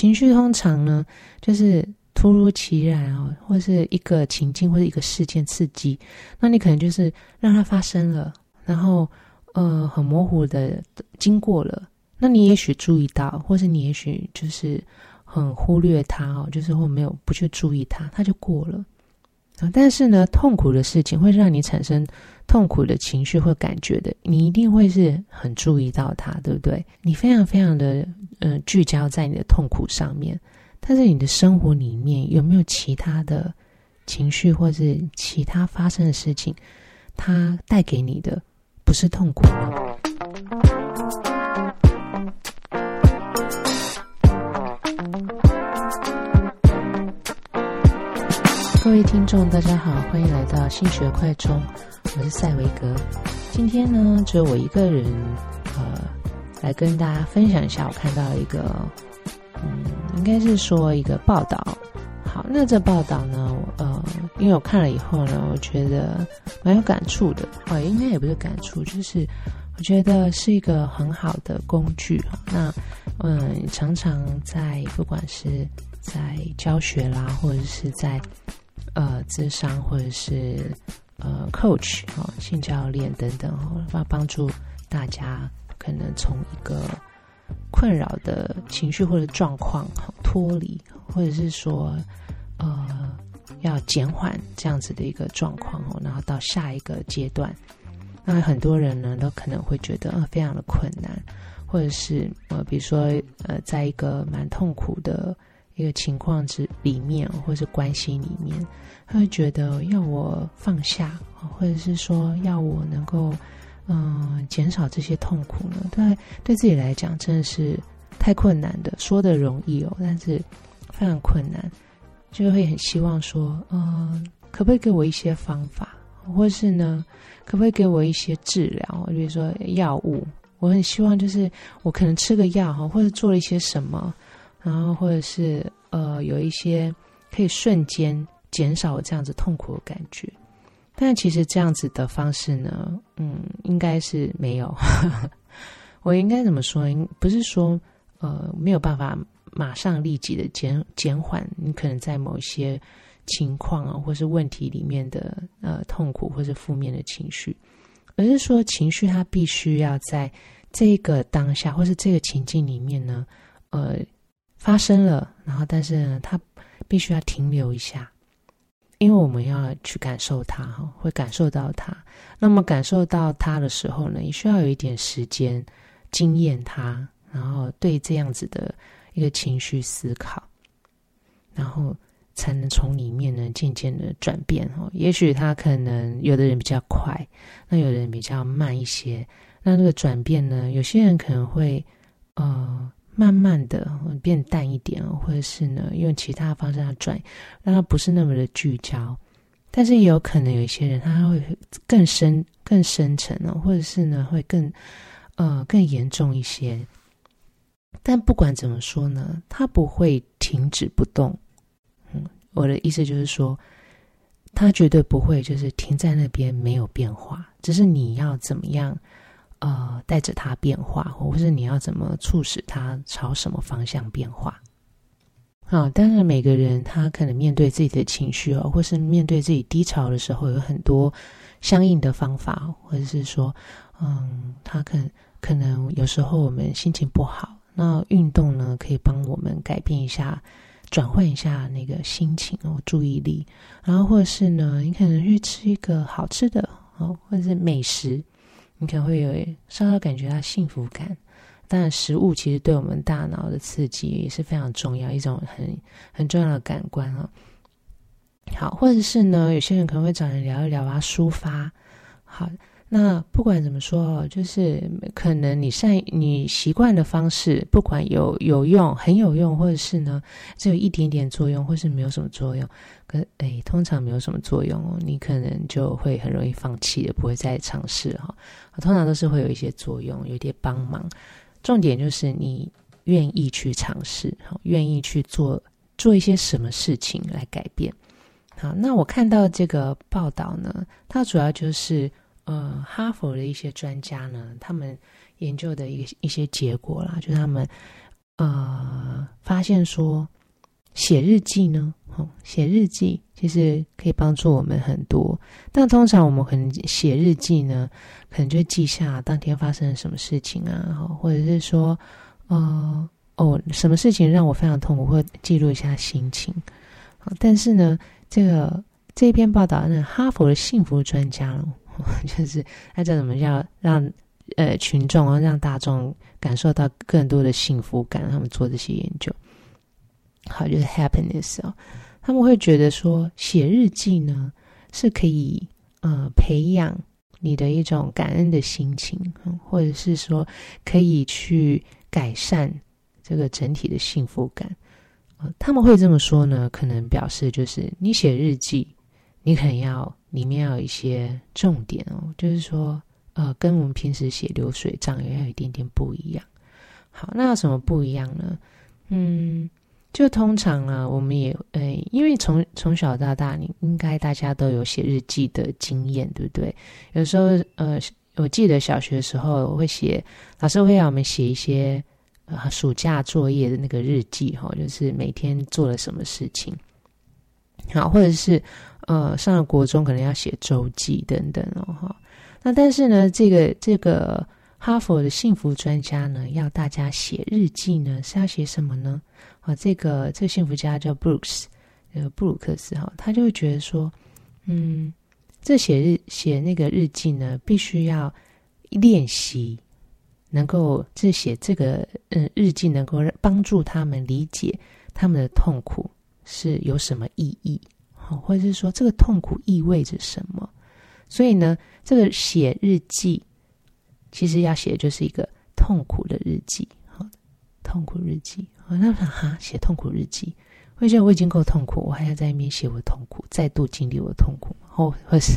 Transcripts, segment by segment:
情緒通常呢，就是突如其來哦，或是一個情境或者一個事件刺激，那你可能就是讓它發生了，然後呃很模糊的經過了，那你也許注意到，或是你也許就是很忽略它哦，就是或沒有不去注意它，它就過了。但是呢，痛苦的事情會讓你產生痛苦的情緒或感覺的，你一定會是很注意到它，對不對？你非常非常的呃聚焦在你的痛苦上面。但是你的生活裡面有沒有其他的情緒或是其他發生的事情，它帶給你的不是痛苦嗎？各位聽眾，大家好，歡迎來到性學快充。我是賽維格。今天呢，只有我一個人，呃，來跟大家分享一下我看到一個，嗯，應該是說一個報道。好，那這報道呢，我呃，因為我看了以後呢，我覺得蠻有感觸的。哦，應該也不是感觸，就是我覺得是一個很好的工具。那，嗯，常常在不管是在教學啦，或者是在呃，諮商或者是呃，coach 哈、哦，性教練等等哈，幫、哦、幫助大家可能從一個困擾的情緒或者狀況、哦、脫離，或者是說呃，要減緩這樣子的一個狀況哦，然後到下一個階段，那很多人呢都可能會覺得呃非常的困難，或者是呃，比如說呃，在一個蠻痛苦的一個情況之裡面，或是關係裡面，他會覺得要我放下，或者是說要我能夠嗯、呃、減少這些痛苦呢，對，對自己來講真的是太困難的，說得容易哦，但是非常困難，就會很希望說，嗯、呃，可不可以給我一些方法，或者是呢，可不可以給我一些治療，比如說藥物，我很希望就是我可能吃個藥哈，或者做了一些什麼。然後，或者是呃，有一些可以瞬間減少我這樣子痛苦的感覺，但其實這樣子的方式呢，嗯，應該是沒有。 我應該怎麼說？應不是說呃沒有辦法馬上立即的減減緩你可能在某些情況啊，或是問題裡面的呃痛苦或是負面的情緒，而是說情緒它必須要在這個當下或是這個情境裡面呢，呃。發生了，然後，但是呢，他必須要停留一下，因為我們要去感受他。哈，會感受到他。那麼感受到他的時候呢，也需要有一點時間，經驗他，然後對這樣子的一個情緒思考，然後才能從裡面呢漸漸的轉變，哈。也許他可能有的人比較快，那有的人比較慢一些。那這個轉變呢，有些人可能會，呃。慢慢的變淡一點，或者是呢，用其他方式來轉，讓它不是那麼的聚焦。但是也有可能有一些人，他會更深、更深沉了，或者是呢，會更呃更嚴重一些。但不管怎麼說呢，它不會停止不動。嗯，我的意思就是說，它絕對不會就是停在那邊沒有變化。只是你要怎麼樣？呃，帶着它變化，或是你要怎麼促使它朝什麼方向變化？啊，當然每個人他可能面對自己的情緒哦，或是面對自己低潮的時候，有很多相應的方法，或者是說，嗯，他可能可能有時候我們心情不好，那運動呢可以幫我們改變一下，轉換一下那個心情哦，注意力，然後或者是呢，你可能去吃一個好吃的哦，或者是美食。你可能會有稍稍感覺到幸福感，當然食物其實對我們大腦的刺激也是非常重要，一種很很重要的感官啊、哦。好，或者是呢，有些人可能會找人聊一聊啊，抒發。好。那不管怎麼說，就是可能你善你習慣的方式，不管有有用很有用，或者是呢，只有一點點作用，或是沒有什麼作用，可誒、哎，通常沒有什麼作用，你可能就會很容易放棄的，也不會再嘗試哈。通常都是會有一些作用，有點幫忙。重點就是你願意去嘗試，願意去做做一些什麼事情來改變。好，那我看到這個報道呢，它主要就是。呃，哈佛的一些專家呢，他們研究的一個一些結果啦，就是、他們呃發現說，寫日記呢，好、哦、寫日記其實可以幫助我們很多。但通常我們可能寫日記呢，可能就記下、啊、當天發生了什麼事情啊，或者是說，呃哦，什麼事情讓我非常痛苦，會記錄一下心情。哦、但是呢，這個這篇報道呢，那哈佛的幸福專家呢？ 就是他叫什麼叫讓呃群眾啊、哦、讓大眾感受到更多的幸福感，他們做這些研究，好就是 happiness 哦，他們會覺得說，寫日記呢是可以呃培養你的一種感恩的心情、嗯，或者是說可以去改善這個整體的幸福感。呃、他們會這麼說呢，可能表示就是你寫日記。你可能要裡面要有一些重點哦，就是說，呃，跟我們平時寫流水賬也要有一點點不一樣。好，那有什麼不一樣呢？嗯，就通常啊，我們也誒，因為從從小到大你，你應該大家都有寫日記的經驗，對不對？有時候，呃，我記得小學的時候，我會寫老師會讓我們寫一些、呃、暑假作業的那個日記、哦，哈，就是每天做了什麼事情，好，或者是。呃，上了國中可能要寫週記等等哦，哈、哦。那但是呢，這個這個哈佛的幸福專家呢，要大家寫日記呢，是要寫什麼呢？啊、哦，這個這個幸福家叫布魯克斯，呃、這個，布魯克斯哈、哦，他就會覺得說，嗯，這寫日寫那個日記呢，必須要練習，能夠這寫這個嗯日記，能夠幫助他們理解他們的痛苦是有什麼意義。或者是說這個痛苦意味着什麼？所以呢，這個寫日記其實要寫的就是一個痛苦的日記，好、哦、痛苦日記。我、哦、那時哈、啊、寫痛苦日記，會覺得我已經夠痛苦，我還要在那邊寫我的痛苦，再度經歷我的痛苦，後或或是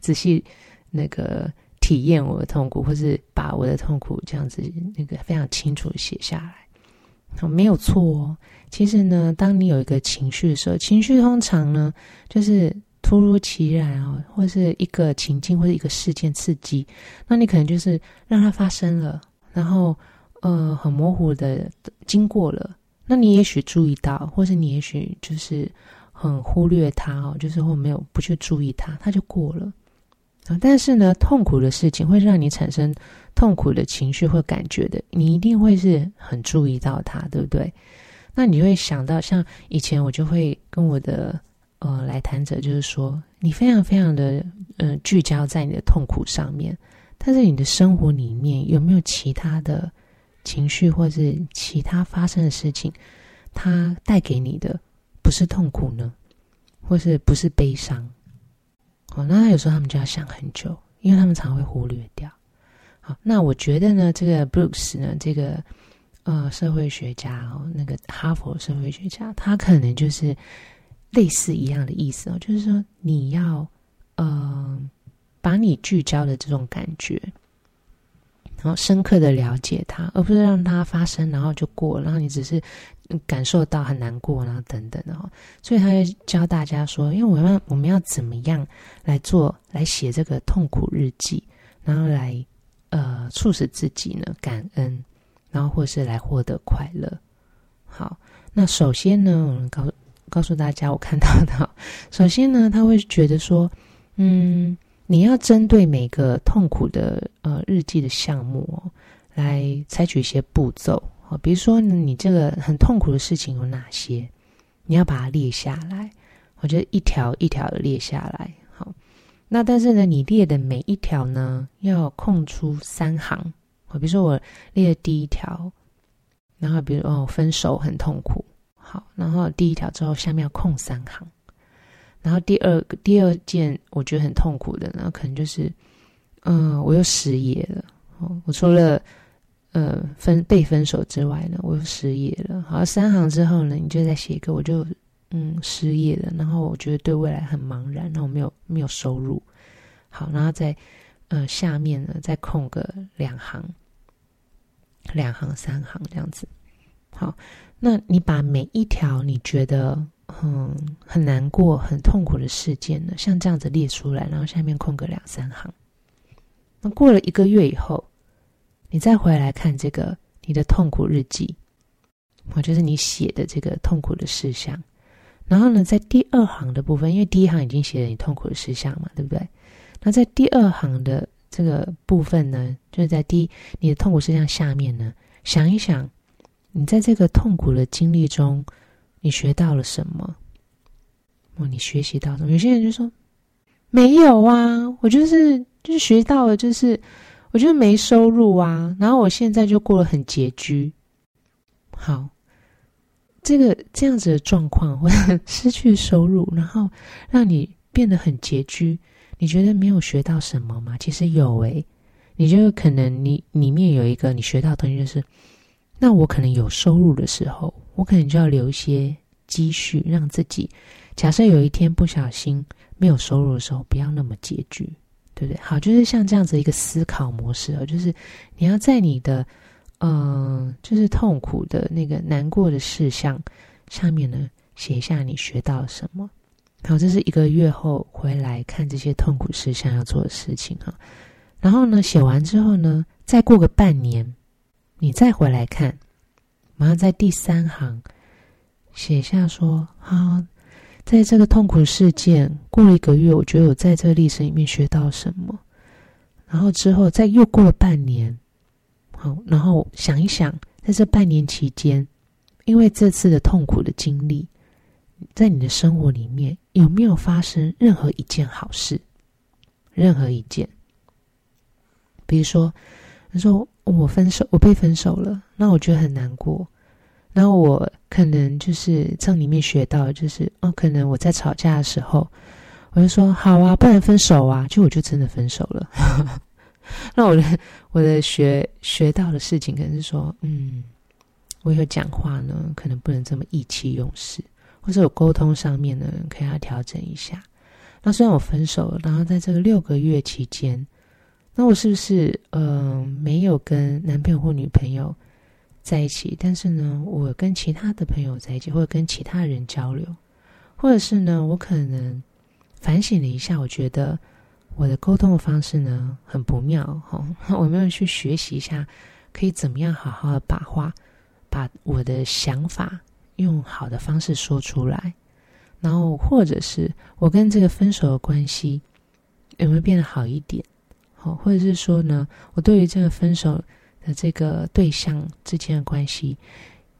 仔細那個體驗我的痛苦，或是把我的痛苦這樣子那個非常清楚的寫下來。沒有錯哦，其實呢，當你有一個情緒的時候，情緒通常呢就是突如其來啊哦，或是一個情境或者一個事件刺激，那你可能就是讓它發生了，然後呃很模糊的經過了，那你也許注意到，或是你也許就是很忽略它哦，就是或沒有不去注意它，它就過了。嗯，但是呢，痛苦的事情會讓你產生，痛苦的情緒或感覺的，你一定會是很注意到它，對不對？那你會想到，像以前我就會跟我的呃來談者，就是說，你非常非常的呃聚焦在你的痛苦上面，但是你的生活裡面有沒有其他的情緒，或是其他發生的事情，它帶給你的不是痛苦呢，或是不是悲傷？哦，那有時候他們就要想很久，因為他們常會忽略掉。好，那我覺得呢，這個 Brooks 呢，這個呃社會學家哦，那個哈佛社會學家，他可能就是類似一樣的意思哦，就是說你要呃把你聚焦的這種感覺，然後深刻的了解它，而不是讓它發生，然後就過，然後你只是感受到很難過，然後等等的哦，所以他教大家說，因為我們要我們要怎麼樣來做來寫這個痛苦日記，然後來。呃，促使自己呢感恩，然後或者是來獲得快樂。好，那首先呢，我們告訴告訴大家，我看到的，首先呢，他會覺得說，嗯，你要針對每個痛苦的呃日記的項目哦，來採取一些步驟哦，比如說你這個很痛苦的事情有哪些，你要把它列下來。我覺得一條一條的列下來。那但是呢，你列的每一條呢要空出三行。我比如說我列的第一條，然後比如哦，分手很痛苦，好，然後第一條之後下面要空三行，然後第二第二件我覺得很痛苦的，然後可能就是嗯、呃、我又失業了哦，我除了呃分被分手之外呢，我又失業了，好，三行之後呢，你就再寫一個我就。嗯，失業了，然後我覺得對未來很茫然，然後沒有沒有收入。好，然後在呃下面呢再空個兩行，兩行三行這樣子。好，那你把每一條你覺得嗯很難過、很痛苦的事件呢，像這樣子列出來，然後下面空個兩三行。那過了一個月以後，你再回來看這個你的痛苦日記，我覺、就是你寫的這個痛苦的事項。然後呢，在第二行的部分，因為第一行已經寫了你痛苦的事項嘛，對不對？那在第二行的這個部分呢，就是在第你的痛苦事項下面呢，想一想，你在這個痛苦的經歷中，你學到了什麼？哦，你學習到什麼？有些人就說，沒有啊，我就是就是學到了，就是我就是沒收入啊，然後我現在就過得很拮據。好。這個這樣子的狀況，會失去收入，然後讓你變得很拮據。你覺得沒有學到什麼嗎？其實有誒、欸，你就可能你裡面有一個你學到的東西，就是那我可能有收入的時候，我可能就要留一些積蓄，讓自己假設有一天不小心沒有收入的時候，不要那麼拮據，對不對？好，就是像這樣子一個思考模式哦，就是你要在你的。嗯，就是痛苦的那個難過的事項，下面呢，寫一下你學到什麼。好，這是一個月後回來看這些痛苦事項要做的事情哈。然後呢，寫完之後呢，再過個半年，你再回來看，馬上在第三行寫一下說：哈、啊，在這個痛苦事件過了一個月，我覺得我在這個歷史裡面學到什麼。然後之後再又過了半年。然後想一想，在這半年期間，因為這次的痛苦的經歷，在你的生活裡面有沒有發生任何一件好事？任何一件？比如說，你說我分手，我被分手了，那我覺得很難過。然後我可能就是在裡面學到，就是哦，可能我在吵架的時候，我就說好啊，不能分手啊，就我就真的分手了。 那我的我的學學到的事情，可能是說，嗯，我有講話呢，可能不能這麼意氣用事，或者我溝通上面呢，可以要調整一下。那雖然我分手了，然後在這個六個月期間，那我是不是嗯、呃、沒有跟男朋友或女朋友在一起？但是呢，我跟其他的朋友在一起，或者跟其他人交流，或者是呢，我可能反省了一下，我覺得。我的溝通的方式呢，很不妙哈、哦，我沒有去學習一下，可以怎麼樣好好的把話把我的想法用好的方式說出來，然後或者是我跟這個分手的關係有沒有變得好一點？好、哦，或者是說呢，我對於這個分手的這個對象之間的關係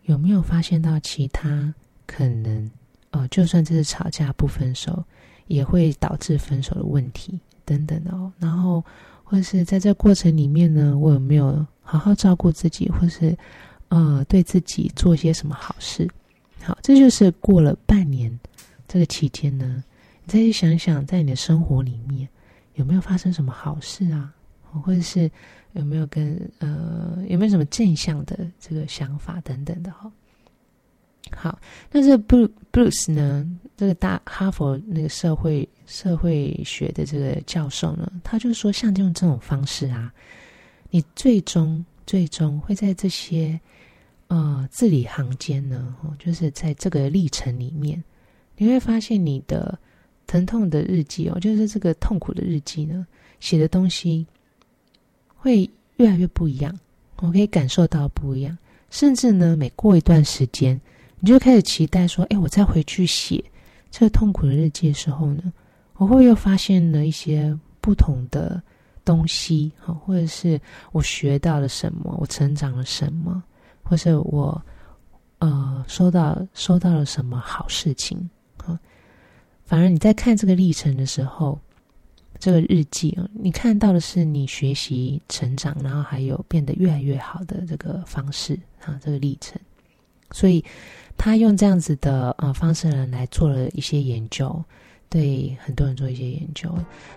有沒有發現到其他可能？哦、呃，就算這是吵架不分手，也會導致分手的問題。等等的哦，然後或者是在這個過程裡面呢，我有沒有好好照顧自己，或者是呃對自己做一些什麼好事？好，這就是過了半年這個期間呢，你再去想想，在你的生活裡面有沒有發生什麼好事啊，或者是有沒有跟呃有沒有什麼正向的這個想法等等的哈、哦。好，那這布魯布魯斯呢？這個大哈佛那個社會社會學的這個教授呢，他就說，像這種這種方式啊，你最終最終會在這些呃字裡行間呢，哦，就是在這個歷程裡面，你會發現你的疼痛的日記哦，就是這個痛苦的日記呢，寫的東西會越來越不一樣。我、哦、可以感受到不一樣，甚至呢，每過一段時間。你就開始期待說：“哎，欸，我再回去寫這個痛苦的日記的時候呢，我會不會又發現了一些不同的東西？或者是我學到了什麼？我成長了什麼？或是我呃，收到收到了什麼好事情？啊，反而你在看這個歷程的時候，這個日記啊，你看到的是你學習成長，然後還有變得越來越好的這個方式啊，這個歷程。”所以，他用這樣子的呃方式呢來做了一些研究，對很多人做一些研究，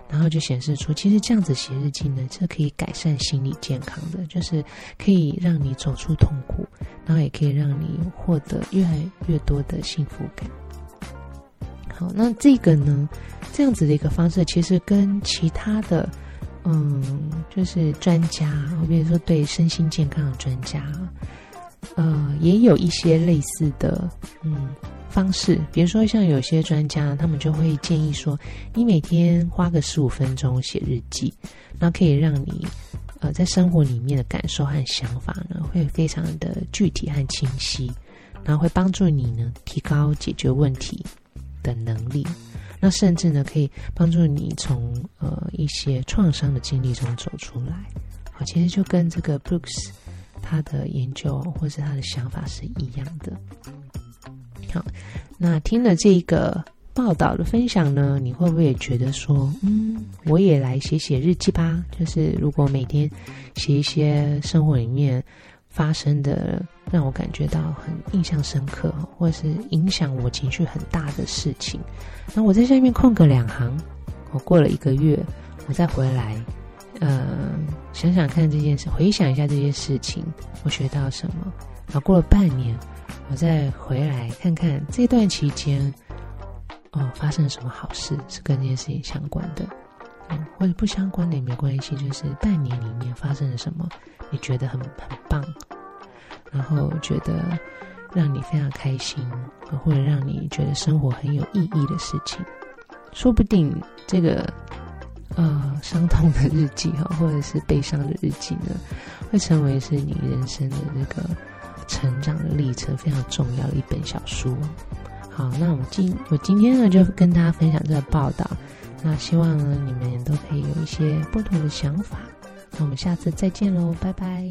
然後就顯示出，其實這樣子寫日記呢，是可以改善心理健康的，就是可以讓你走出痛苦，然後也可以讓你獲得越來越多的幸福感。好，那這個呢，這樣子的一個方式，其實跟其他的嗯，就是專家，比如說對身心健康的專家。呃，也有一些類似的嗯方式，比如說像有些專家，他們就會建議說，你每天花個十五分鐘寫日記，那可以讓你呃在生活裡面的感受和想法呢，會非常的具體和清晰，然後會幫助你呢提高解決問題的能力，那甚至呢可以幫助你從呃一些創傷的經歷中走出來。好，其實就跟這個 Brooks。他的研究或是他的想法是一樣的。好，那聽了這個報道的分享呢，你會不會也覺得說，嗯，我也來寫寫日記吧？就是如果每天寫一些生活裡面發生的讓我感覺到很印象深刻，或是影響我情緒很大的事情，那我在下面空個兩行。我過了一個月，我再回來。呃，想想看這件事，回想一下這件事情，我學到什麼？然後過了半年，我再回來看看這段期間，哦，發生了什麼好事是跟這件事情相關的，嗯，或者不相關的也沒關係。就是半年裡面發生了什麼，你覺得很很棒，然後覺得讓你非常開心，或者讓你覺得生活很有意義的事情，說不定這個。呃，傷痛的日記哈，哦，或者是悲傷的日記呢，會成為是你人生的那個成長的歷程非常重要的一本小說。好，那我們今我今天呢就跟大家分享這個報道，那希望呢你們都可以有一些不同的想法。那我們下次再見嘍，拜拜。